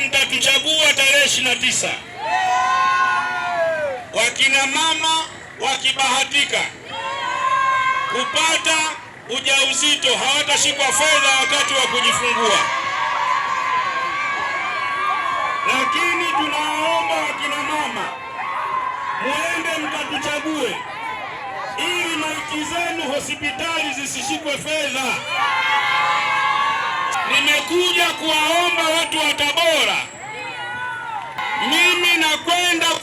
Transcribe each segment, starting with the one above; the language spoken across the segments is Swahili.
mtatuchagua tarehe 29, wakina mama wakibahatika kupata ujauzito hawatashikwa fedha wakati wa kujifungua, lakini tunawaomba wakina mama muende mkatuchague ili maiti zenu hospitali zisishikwe fedha. Nimekuja kuwaomba watu wa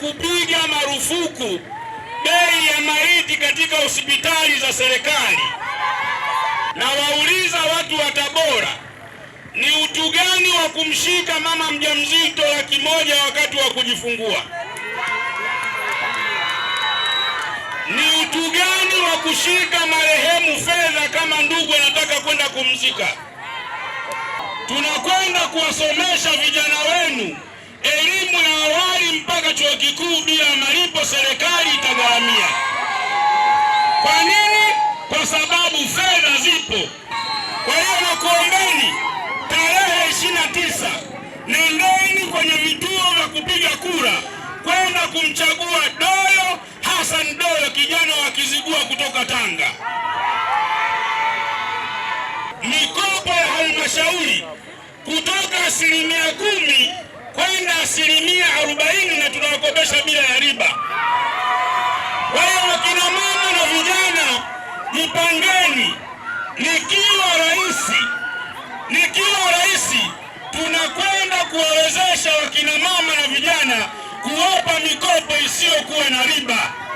kupiga marufuku bei ya maiti katika hospitali za serikali, na wauliza watu wa Tabora, ni utu gani wa kumshika mama mjamzito laki moja wakati wa kujifungua? Ni utu gani wa kushika marehemu fedha kama ndugu anataka kwenda kumzika? Tunakwenda kuwasomesha vijana wenu chuo kikuu bila malipo, serikali itagharamia. Kwa nini? Kwa sababu fedha zipo. Kwa hiyo nakuombeni, tarehe ishirini na tisa nendeni kwenye vituo vya kupiga kura kwenda kumchagua Doyo Hassan Doyo, kijana wa Kizigua kutoka Tanga. Mikopo ya halmashauri kutoka asilimia kumi kwenda asilimia arobaini na tunawakopesha bila ya riba. Kwa hiyo kina mama na vijana, mpangeni nikiwa rais, nikiwa rais tunakwenda kuwawezesha wakina mama na vijana kuwapa mikopo isiyokuwa na riba.